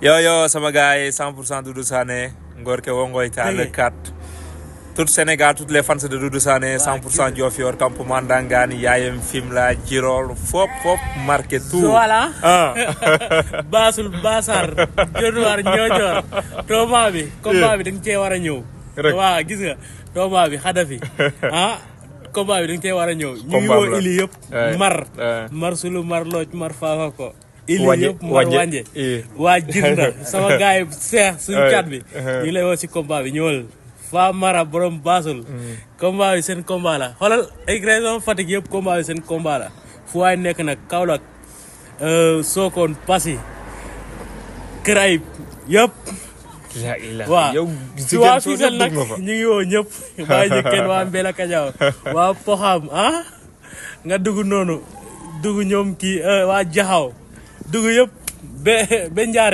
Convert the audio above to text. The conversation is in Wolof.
yo yo sama gars yi 100 pour cent Doudou Sané Ngor ke wongoy ta le 4 tout Sénégal les fans de Doudou Sané 100 pour cent Diofior campement Ndangani Yayem la Djirol fop fop marqué tout voilà Bassoul Bassar Dionewar bi bi da cee war a ñëw waaw gis nga bi Khadafi ah combat bi da nga war a ñëw ñu ngi woo ili yëpp mar mar sulu mar looj mar faafa wàññi wàññi waa Jirnda sama gars yi seex suñu cat bi. ñu lay si combat bi Fa Mara borom baasul. Mm. combat bi seen combat la nekk nag Kaolack euh, Sokone Passy Kër Ayib yëpp. si waa Fissel nag ñu ngi ñëpp bàyyi ñu kenn waa Mbella Kadiaw waa Poxam ah? nga dugg noonu dugg ñoom kii euh, waa Jaxaw dugg yëpp ba njaare